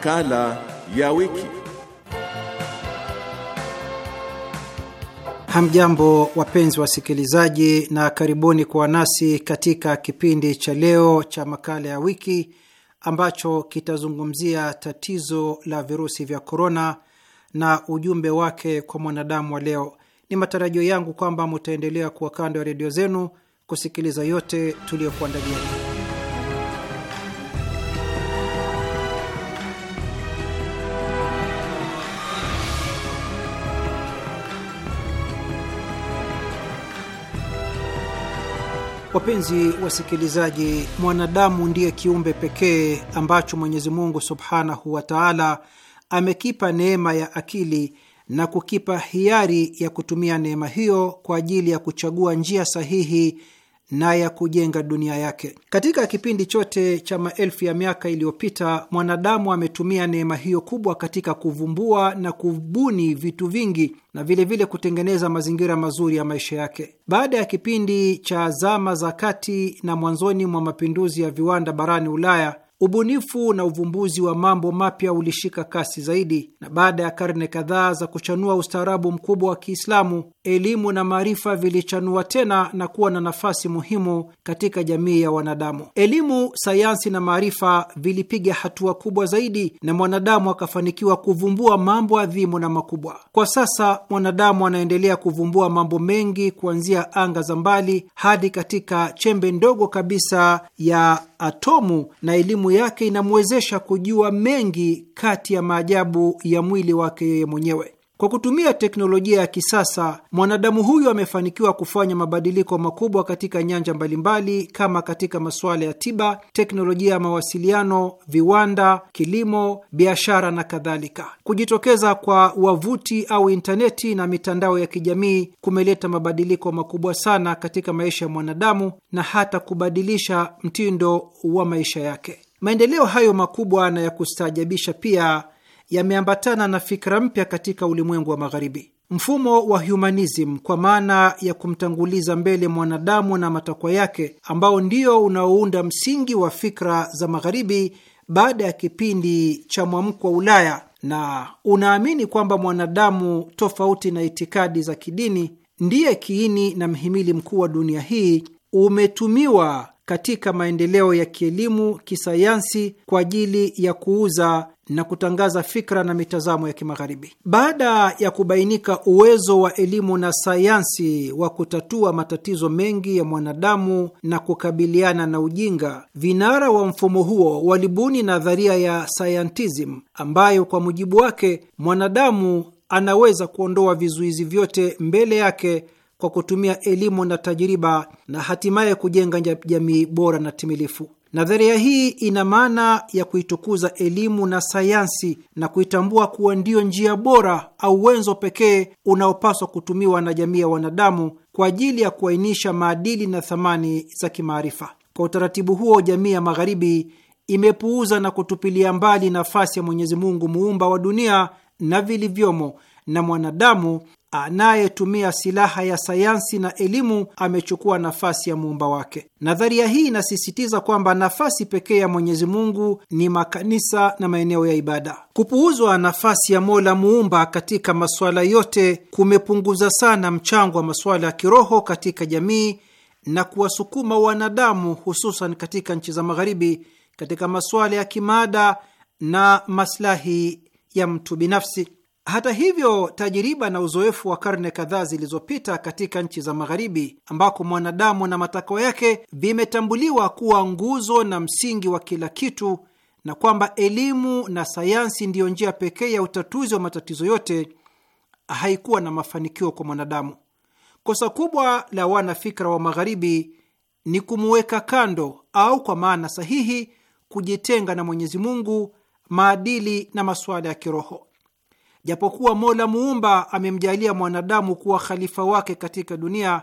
makala ya wiki. Hamjambo, wapenzi wasikilizaji, na karibuni kuwa nasi katika kipindi cha leo cha makala ya wiki ambacho kitazungumzia tatizo la virusi vya korona na ujumbe wake kwa mwanadamu wa leo. Ni matarajio yangu kwamba mutaendelea kuwa kando ya redio zenu kusikiliza yote tuliyokuandalia. Wapenzi wasikilizaji, mwanadamu ndiye kiumbe pekee ambacho Mwenyezi Mungu subhanahu wa taala amekipa neema ya akili na kukipa hiari ya kutumia neema hiyo kwa ajili ya kuchagua njia sahihi na ya kujenga dunia yake. Katika kipindi chote cha maelfu ya miaka iliyopita, mwanadamu ametumia neema hiyo kubwa katika kuvumbua na kubuni vitu vingi na vilevile vile kutengeneza mazingira mazuri ya maisha yake. Baada ya kipindi cha zama za kati na mwanzoni mwa mapinduzi ya viwanda barani Ulaya, Ubunifu na uvumbuzi wa mambo mapya ulishika kasi zaidi, na baada ya karne kadhaa za kuchanua ustaarabu mkubwa wa Kiislamu, elimu na maarifa vilichanua tena na kuwa na nafasi muhimu katika jamii ya wanadamu. Elimu, sayansi na maarifa vilipiga hatua kubwa zaidi, na mwanadamu akafanikiwa kuvumbua mambo adhimu na makubwa. Kwa sasa mwanadamu anaendelea kuvumbua mambo mengi, kuanzia anga za mbali hadi katika chembe ndogo kabisa ya atomu na elimu yake inamwezesha kujua mengi kati ya maajabu ya mwili wake yeye mwenyewe. Kwa kutumia teknolojia ya kisasa, mwanadamu huyu amefanikiwa kufanya mabadiliko makubwa katika nyanja mbalimbali kama katika masuala ya tiba, teknolojia ya mawasiliano, viwanda, kilimo, biashara na kadhalika. Kujitokeza kwa wavuti au intaneti na mitandao ya kijamii kumeleta mabadiliko makubwa sana katika maisha ya mwanadamu na hata kubadilisha mtindo wa maisha yake. Maendeleo hayo makubwa na ya kustaajabisha pia yameambatana na fikra mpya katika ulimwengu wa Magharibi. Mfumo wa humanism kwa maana ya kumtanguliza mbele mwanadamu na matakwa yake, ambao ndio unaounda msingi wa fikra za Magharibi baada ya kipindi cha mwamko wa Ulaya, na unaamini kwamba mwanadamu, tofauti na itikadi za kidini, ndiye kiini na mhimili mkuu wa dunia hii, umetumiwa katika maendeleo ya kielimu, kisayansi kwa ajili ya kuuza na kutangaza fikra na mitazamo ya Kimagharibi. Baada ya kubainika uwezo wa elimu na sayansi wa kutatua matatizo mengi ya mwanadamu na kukabiliana na ujinga, vinara wa mfumo huo walibuni nadharia ya scientism, ambayo kwa mujibu wake mwanadamu anaweza kuondoa vizuizi vyote mbele yake kwa kutumia elimu na tajiriba na hatimaye kujenga jamii bora na timilifu. Nadharia hii ina maana ya kuitukuza elimu na sayansi na kuitambua kuwa ndiyo njia bora au wenzo pekee unaopaswa kutumiwa na jamii ya wanadamu kwa ajili ya kuainisha maadili na thamani za kimaarifa. Kwa utaratibu huo, jamii ya Magharibi imepuuza na kutupilia mbali nafasi ya Mwenyezi Mungu muumba wa dunia na vilivyomo na mwanadamu anayetumia silaha ya sayansi na elimu amechukua nafasi ya muumba wake. Nadharia hii inasisitiza kwamba nafasi pekee ya Mwenyezi Mungu ni makanisa na maeneo ya ibada. Kupuuzwa nafasi ya Mola muumba katika masuala yote kumepunguza sana mchango wa masuala ya kiroho katika jamii na kuwasukuma wanadamu, hususan katika nchi za Magharibi, katika masuala ya kimaada na maslahi ya mtu binafsi. Hata hivyo, tajiriba na uzoefu wa karne kadhaa zilizopita katika nchi za Magharibi, ambako mwanadamu na matakwa yake vimetambuliwa kuwa nguzo na msingi wa kila kitu na kwamba elimu na sayansi ndiyo njia pekee ya utatuzi wa matatizo yote, haikuwa na mafanikio kwa mwanadamu. Kosa kubwa la wanafikra wa Magharibi ni kumuweka kando au kwa maana sahihi, kujitenga na Mwenyezi Mungu, maadili na masuala ya kiroho. Japokuwa Mola muumba amemjalia mwanadamu kuwa khalifa wake katika dunia,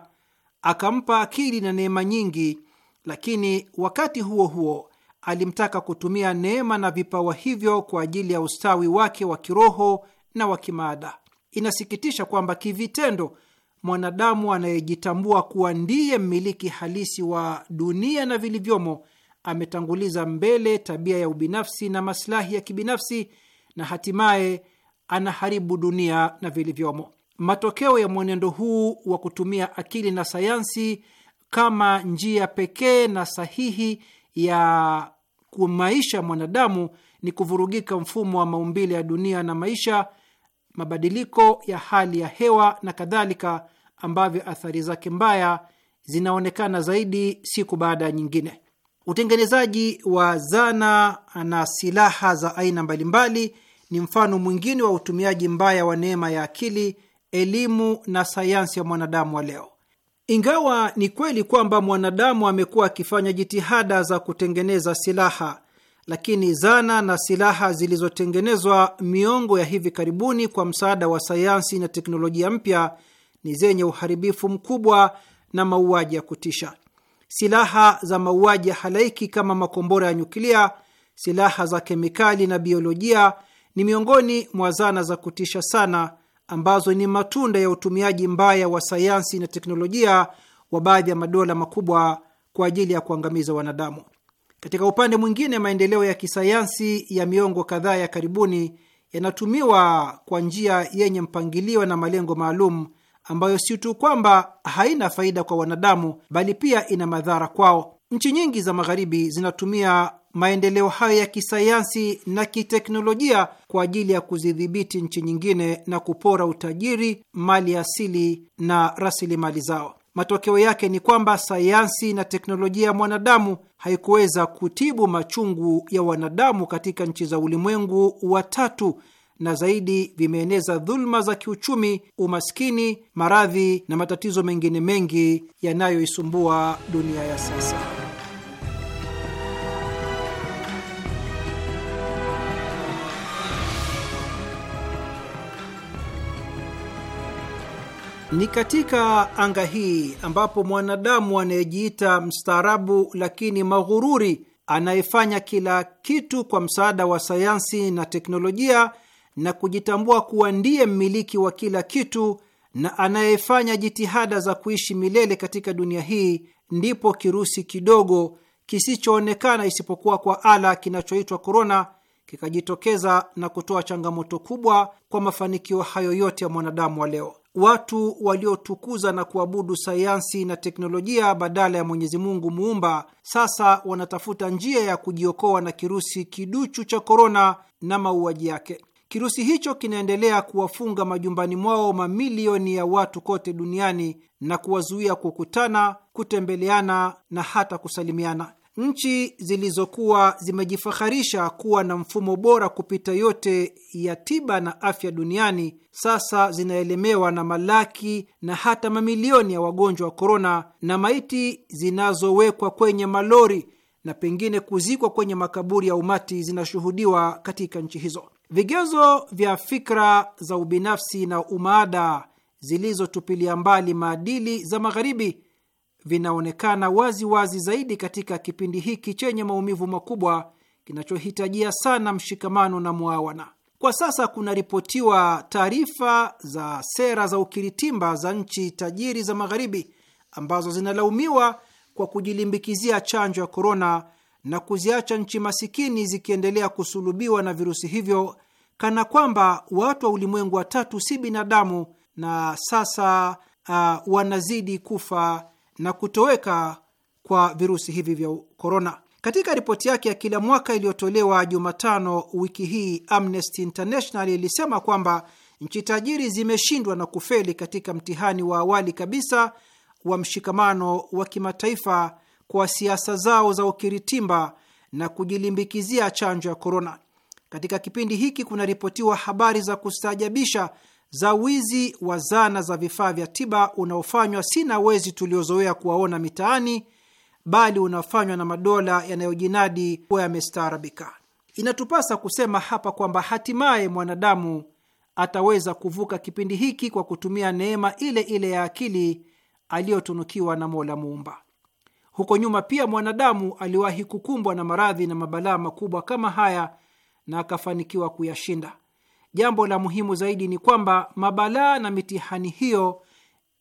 akampa akili na neema nyingi, lakini wakati huo huo alimtaka kutumia neema na vipawa hivyo kwa ajili ya ustawi wake wa kiroho na wa kimaada. Inasikitisha kwamba kivitendo mwanadamu anayejitambua kuwa ndiye mmiliki halisi wa dunia na vilivyomo ametanguliza mbele tabia ya ubinafsi na masilahi ya kibinafsi na hatimaye anaharibu dunia na vilivyomo. Matokeo ya mwenendo huu wa kutumia akili na sayansi kama njia pekee na sahihi ya kumaisha mwanadamu ni kuvurugika mfumo wa maumbile ya dunia na maisha, mabadiliko ya hali ya hewa na kadhalika, ambavyo athari zake mbaya zinaonekana zaidi siku baada ya nyingine. Utengenezaji wa zana na silaha za aina mbalimbali ni mfano mwingine wa utumiaji mbaya wa neema ya akili, elimu na sayansi ya mwanadamu wa leo. Ingawa ni kweli kwamba mwanadamu amekuwa akifanya jitihada za kutengeneza silaha, lakini zana na silaha zilizotengenezwa miongo ya hivi karibuni kwa msaada wa sayansi na teknolojia mpya ni zenye uharibifu mkubwa na mauaji ya kutisha. Silaha za mauaji ya halaiki kama makombora ya nyuklia, silaha za kemikali na biolojia ni miongoni mwa zana za kutisha sana ambazo ni matunda ya utumiaji mbaya wa sayansi na teknolojia wa baadhi ya madola makubwa kwa ajili ya kuangamiza wanadamu. Katika upande mwingine, maendeleo ya kisayansi ya miongo kadhaa ya karibuni yanatumiwa kwa njia yenye mpangilio na malengo maalum ambayo si tu kwamba haina faida kwa wanadamu, bali pia ina madhara kwao. Nchi nyingi za Magharibi zinatumia maendeleo hayo ya kisayansi na kiteknolojia kwa ajili ya kuzidhibiti nchi nyingine na kupora utajiri, mali asili na rasilimali zao. Matokeo yake ni kwamba sayansi na teknolojia ya mwanadamu haikuweza kutibu machungu ya wanadamu katika nchi za ulimwengu wa tatu na zaidi vimeeneza dhuluma za kiuchumi, umaskini, maradhi na matatizo mengine mengi yanayoisumbua dunia ya sasa. Ni katika anga hii ambapo mwanadamu anayejiita mstaarabu lakini maghururi, anayefanya kila kitu kwa msaada wa sayansi na teknolojia na kujitambua kuwa ndiye mmiliki wa kila kitu na anayefanya jitihada za kuishi milele katika dunia hii, ndipo kirusi kidogo kisichoonekana isipokuwa kwa ala kinachoitwa korona kikajitokeza na kutoa changamoto kubwa kwa mafanikio hayo yote ya mwanadamu wa leo watu waliotukuza na kuabudu sayansi na teknolojia badala ya Mwenyezi Mungu muumba sasa wanatafuta njia ya kujiokoa na kirusi kiduchu cha korona na mauaji yake. Kirusi hicho kinaendelea kuwafunga majumbani mwao mamilioni ya watu kote duniani na kuwazuia kukutana, kutembeleana na hata kusalimiana. Nchi zilizokuwa zimejifaharisha kuwa na mfumo bora kupita yote ya tiba na afya duniani sasa zinaelemewa na malaki na hata mamilioni ya wagonjwa wa korona na maiti zinazowekwa kwenye malori na pengine kuzikwa kwenye makaburi ya umati zinashuhudiwa katika nchi hizo. Vigezo vya fikra za ubinafsi na umaada zilizotupilia mbali maadili za Magharibi vinaonekana wazi wazi zaidi katika kipindi hiki chenye maumivu makubwa kinachohitajia sana mshikamano na mwawana. Kwa sasa kunaripotiwa taarifa za sera za ukiritimba za nchi tajiri za Magharibi ambazo zinalaumiwa kwa kujilimbikizia chanjo ya korona na kuziacha nchi masikini zikiendelea kusulubiwa na virusi hivyo, kana kwamba watu wa ulimwengu wa tatu si binadamu na sasa uh, wanazidi kufa na kutoweka kwa virusi hivi vya korona. Katika ripoti yake ya kila mwaka iliyotolewa Jumatano wiki hii, Amnesty International ilisema kwamba nchi tajiri zimeshindwa na kufeli katika mtihani wa awali kabisa wa mshikamano wa kimataifa kwa siasa zao za ukiritimba na kujilimbikizia chanjo ya korona. Katika kipindi hiki kunaripotiwa habari za kustaajabisha za wizi wa zana za vifaa vya tiba unaofanywa si na wezi tuliozoea kuwaona mitaani, bali unafanywa na madola yanayojinadi kuwa yamestaarabika. Inatupasa kusema hapa kwamba hatimaye mwanadamu ataweza kuvuka kipindi hiki kwa kutumia neema ile ile ya akili aliyotunukiwa na Mola Muumba. Huko nyuma pia mwanadamu aliwahi kukumbwa na maradhi na mabalaa makubwa kama haya na akafanikiwa kuyashinda. Jambo la muhimu zaidi ni kwamba mabalaa na mitihani hiyo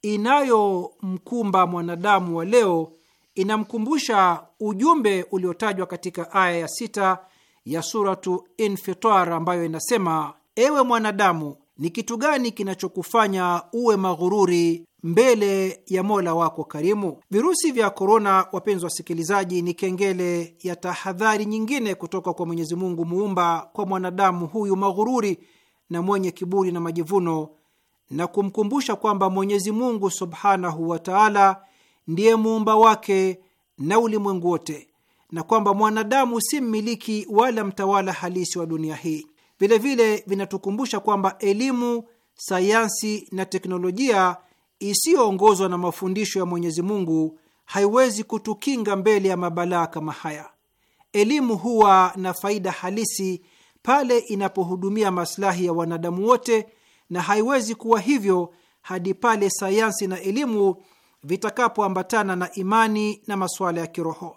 inayomkumba mwanadamu wa leo inamkumbusha ujumbe uliotajwa katika aya ya sita ya Suratu Infitar ambayo inasema: ewe mwanadamu, ni kitu gani kinachokufanya uwe maghururi mbele ya Mola wako karimu? Virusi vya korona, wapenzi wasikilizaji, ni kengele ya tahadhari nyingine kutoka kwa Mwenyezi Mungu muumba kwa mwanadamu huyu maghururi na mwenye kiburi na majivuno na kumkumbusha kwamba Mwenyezi Mungu subhanahu wa taala ndiye muumba wake na ulimwengu wote na kwamba mwanadamu si mmiliki wala mtawala halisi wa dunia hii. Vilevile vinatukumbusha kwamba elimu, sayansi na teknolojia isiyoongozwa na mafundisho ya Mwenyezi Mungu haiwezi kutukinga mbele ya mabalaa kama haya. Elimu huwa na faida halisi pale inapohudumia maslahi ya wanadamu wote, na haiwezi kuwa hivyo hadi pale sayansi na elimu vitakapoambatana na imani na masuala ya kiroho.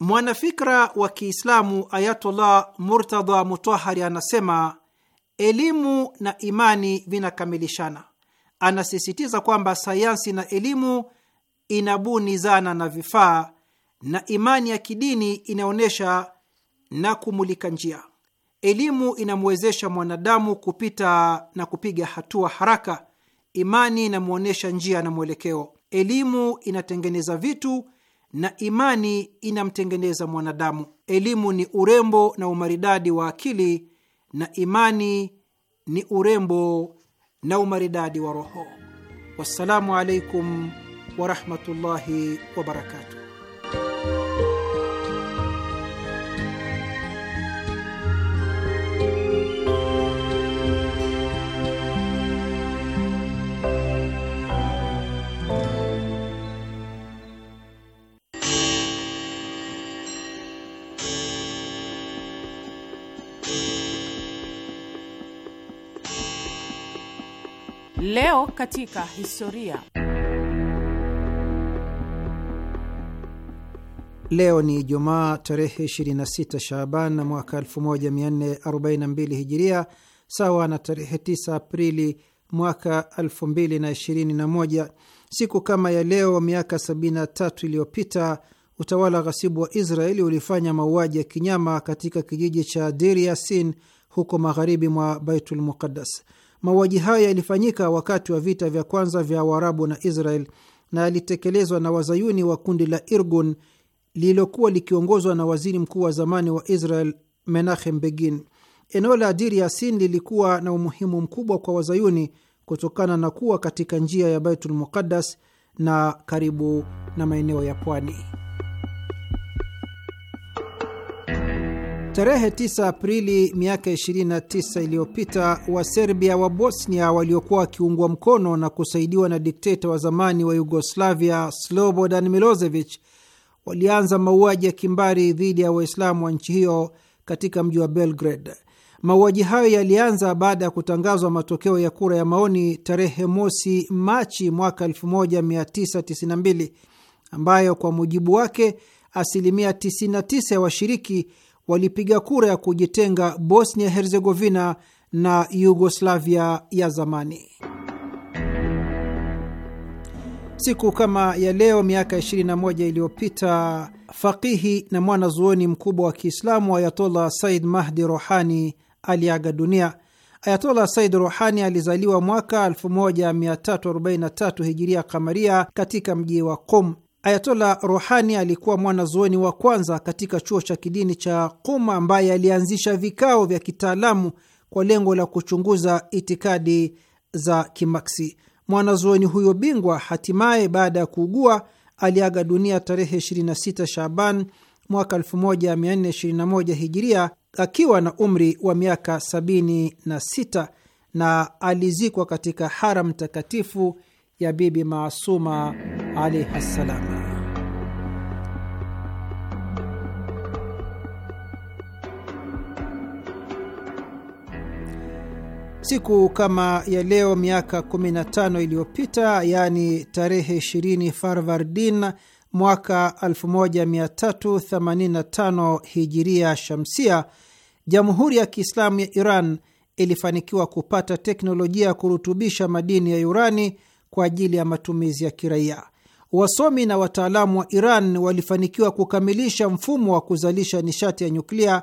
Mwanafikra wa Kiislamu Ayatollah Murtadha Mutahari anasema elimu na imani vinakamilishana. Anasisitiza kwamba sayansi na elimu inabuni zana na vifaa, na imani ya kidini inaonyesha na kumulika njia. Elimu inamwezesha mwanadamu kupita na kupiga hatua haraka. Imani inamwonyesha njia na mwelekeo. Elimu inatengeneza vitu na imani inamtengeneza mwanadamu. Elimu ni urembo na umaridadi wa akili na imani ni urembo na umaridadi wa roho. Wassalamu alaikum warahmatullahi wabarakatuh. Leo katika historia. Leo ni Jumaa tarehe 26 Shaaban na mwaka 1442 Hijiria, sawa na tarehe 9 Aprili mwaka 2021. Siku kama ya leo miaka 73 iliyopita utawala ghasibu wa Israeli ulifanya mauaji ya kinyama katika kijiji cha Dir Yasin huko magharibi mwa Baitul Muqaddas. Mauaji haya yalifanyika wakati wa vita vya kwanza vya Waarabu na Israel na yalitekelezwa na wazayuni wa kundi la Irgun lililokuwa likiongozwa na waziri mkuu wa zamani wa Israel Menachem Begin. Eneo la Dir Yasin lilikuwa na umuhimu mkubwa kwa wazayuni kutokana na kuwa katika njia ya Baitul Muqaddas na karibu na maeneo ya pwani. Tarehe 9 Aprili miaka 29 iliyopita Waserbia wa Bosnia waliokuwa wakiungwa mkono na kusaidiwa na dikteta wa zamani wa Yugoslavia Slobodan Milosevic walianza mauaji ya kimbari dhidi ya Waislamu wa nchi hiyo katika mji wa Belgrade. Mauaji hayo yalianza baada ya kutangazwa matokeo ya kura ya maoni tarehe mosi Machi mwaka 1992 ambayo kwa mujibu wake asilimia 99 ya washiriki walipiga kura ya kujitenga Bosnia Herzegovina na Yugoslavia ya zamani. Siku kama ya leo miaka 21 iliyopita fakihi na mwanazuoni mkubwa wa Kiislamu Ayatollah Said Mahdi Rohani aliaga dunia. Ayatollah Said Rohani alizaliwa mwaka 1343 hijiria kamaria katika mji wa Qom. Ayatola Rohani alikuwa mwanazuoni wa kwanza katika chuo cha kidini cha Qum ambaye alianzisha vikao vya kitaalamu kwa lengo la kuchunguza itikadi za Kimaksi. Mwanazuoni huyo bingwa hatimaye, baada ya kuugua, aliaga dunia tarehe 26 Shaban mwaka 1421 Hijiria akiwa na umri wa miaka 76 na alizikwa katika haram takatifu ya Bibi Maasuma alaihi ssalam. Siku kama ya leo miaka 15 iliyopita, yaani tarehe 20 Farvardin mwaka 1385 hijiria shamsia, Jamhuri ya Kiislamu ya Iran ilifanikiwa kupata teknolojia ya kurutubisha madini ya urani kwa ajili ya matumizi ya kiraia. Wasomi na wataalamu wa Iran walifanikiwa kukamilisha mfumo wa kuzalisha nishati ya nyuklia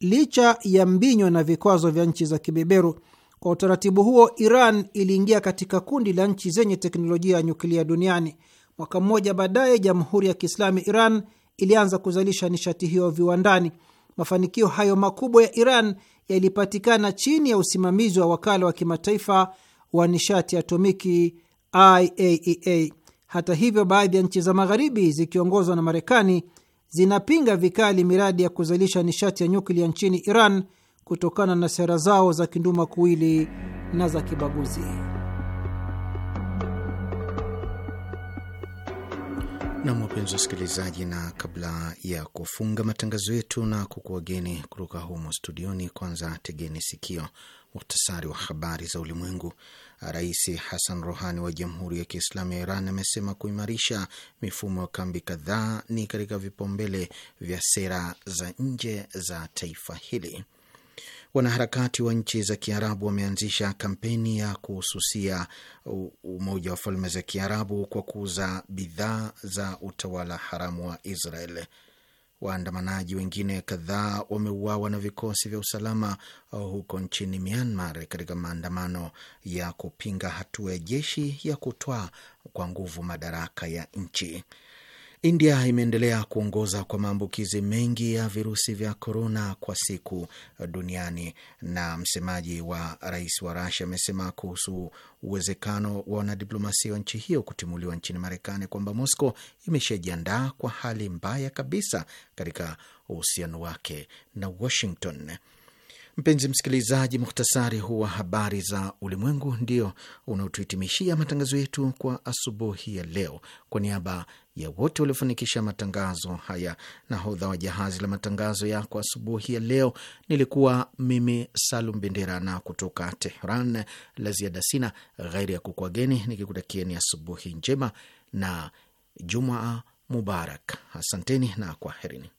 licha ya mbinyo na vikwazo vya nchi za kibeberu. Kwa utaratibu huo, Iran iliingia katika kundi la nchi zenye teknolojia ya nyuklia duniani. Mwaka mmoja baadaye, Jamhuri ya Kiislamu Iran ilianza kuzalisha nishati hiyo viwandani. Mafanikio hayo makubwa ya Iran yalipatikana chini ya usimamizi wa wakala wa kimataifa wa nishati atomiki IAEA. E Hata hivyo, baadhi ya nchi za Magharibi zikiongozwa na Marekani zinapinga vikali miradi ya kuzalisha nishati ya nyuklia nchini Iran kutokana na sera zao za kinduma kuwili na za kibaguzi. Nam, wapenzi wasikilizaji, na kabla ya kufunga matangazo yetu na kukuwageni kutoka humo studioni, kwanza tegeni sikio muhtasari wa habari za ulimwengu. Rais Hassan Rohani wa Jamhuri ya Kiislamu ya Iran amesema kuimarisha mifumo ya kambi kadhaa ni katika vipaumbele vya sera za nje za taifa hili. Wanaharakati wa nchi za Kiarabu wameanzisha kampeni ya kuhususia Umoja wa Falme za Kiarabu kwa kuuza bidhaa za utawala haramu wa Israel. Waandamanaji wengine kadhaa wameuawa na vikosi vya usalama huko nchini Myanmar katika maandamano ya kupinga hatua ya jeshi ya kutwaa kwa nguvu madaraka ya nchi. India imeendelea kuongoza kwa maambukizi mengi ya virusi vya korona kwa siku duniani, na msemaji wa rais wa Rasia amesema kuhusu uwezekano wa wanadiplomasia wa nchi hiyo kutimuliwa nchini Marekani kwamba Moscow imeshajiandaa kwa hali mbaya kabisa katika uhusiano wake na Washington. Mpenzi msikilizaji, muhtasari huu wa habari za ulimwengu ndio unaotuhitimishia matangazo yetu kwa asubuhi ya leo. Kwa niaba ya wote waliofanikisha matangazo haya. Nahodha wa jahazi la matangazo yako asubuhi ya leo nilikuwa mimi Salum Bendera, na kutoka Tehran la ziada sina ghairi ya kukwageni nikikutakieni asubuhi njema na Jumaa Mubarak. Asanteni na kwaherini.